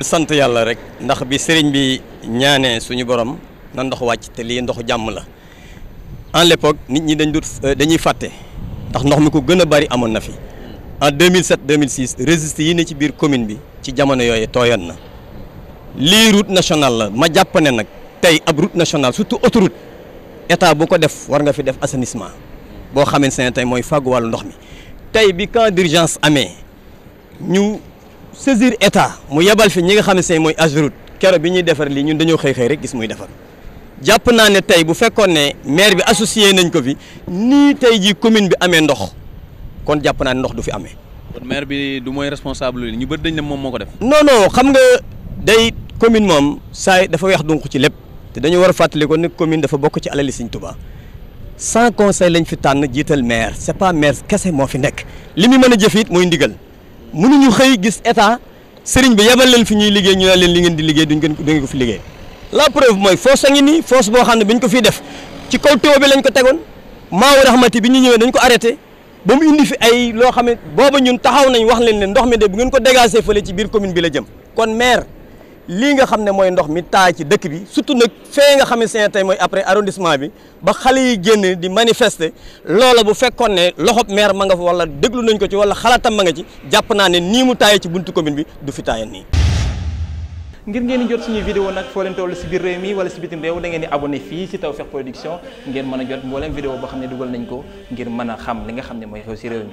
sant yàlla rek ndax bi sëriñ bi ñaanee suñu boroom na ndox wàcc te lii ndoxu jàmm la en l'époque nit ñi dañ dut dañuy fàtte ndax ndox mi ko gën a bari amoon na fi en 2007 2006 registre yi ne ci biir commune bi ci jamono yooyu tooyan na lii route nationale la ma jàpp ne nag tey ab route nationale surtout autoroute état bu ko def war nga fi def assainissement boo xamante ne tey mooy fàggu ndox mi tey bi camp d'urgence amee ñu. saisir état mu yebal fi ñi nga xam ne say mooy Ageroute kero bi ñuy defar lii ñun dañoo xëy xëy rek gis muy defar jàpp naa ne tey bu fekkoon ne maire bi associé nañ ko fi tey jii commune bi amee ndox kon jàpp naa ndox du fi amee. maire bi du mooy responsable li ñu bëri dañ ne moom moo ko def. non non xam nga day commune moom saa dafa weex dunq ci lépp te dañu war fàttali ko ne commune dafa bokk ci alali Sëñ Tuubaa sans conseil lañ fi tànn jiital maire c'est pas maire kese moo fi nekk li muy mën a jëf it mooy ndigal. mënuñu xëy gis état sëriñ bi yebal leen fi ñuy liggéey ñu ne leen li ngeen di liggéey duñ ngeen ko fi liggéey la preuve mooy foos a ngi nii foos boo xam ne bi ñu ko fiy def ci kaw tuyau bi lañ ko tegoon maawu raxmati bi ñu ñëwee dañ ko arrêté ba mu indi fi ay loo xam ne booba ñun taxaw nañu wax leen ne ndox mi de bu ngeen ko dégagé fële ci biir commune bi la jëm kon maire lii nga xam ne mooy ndox mi taa ci dëkk bi surtout nag fee nga xam ne seen tey mooy après arrondissement bi ba xale yi génn di manifester loola bu fekkoon ne loxob meer ma nga fa wala déglu nañ ko ci wala xalaatam ma nga ci jàpp naa ne nii mu taaye ci buntu commune bi du fi taaye nii. ngir ngeen di jot suñu vidéo nag foo leen toll si biir réew mi wala si bitim réew da ngeen di abonné fii si Tawfekh Production ngeen mën a jot mboolem vidéo boo xam ne dugal nañ ko ngir mën xam li nga xam ne mooy xew si réew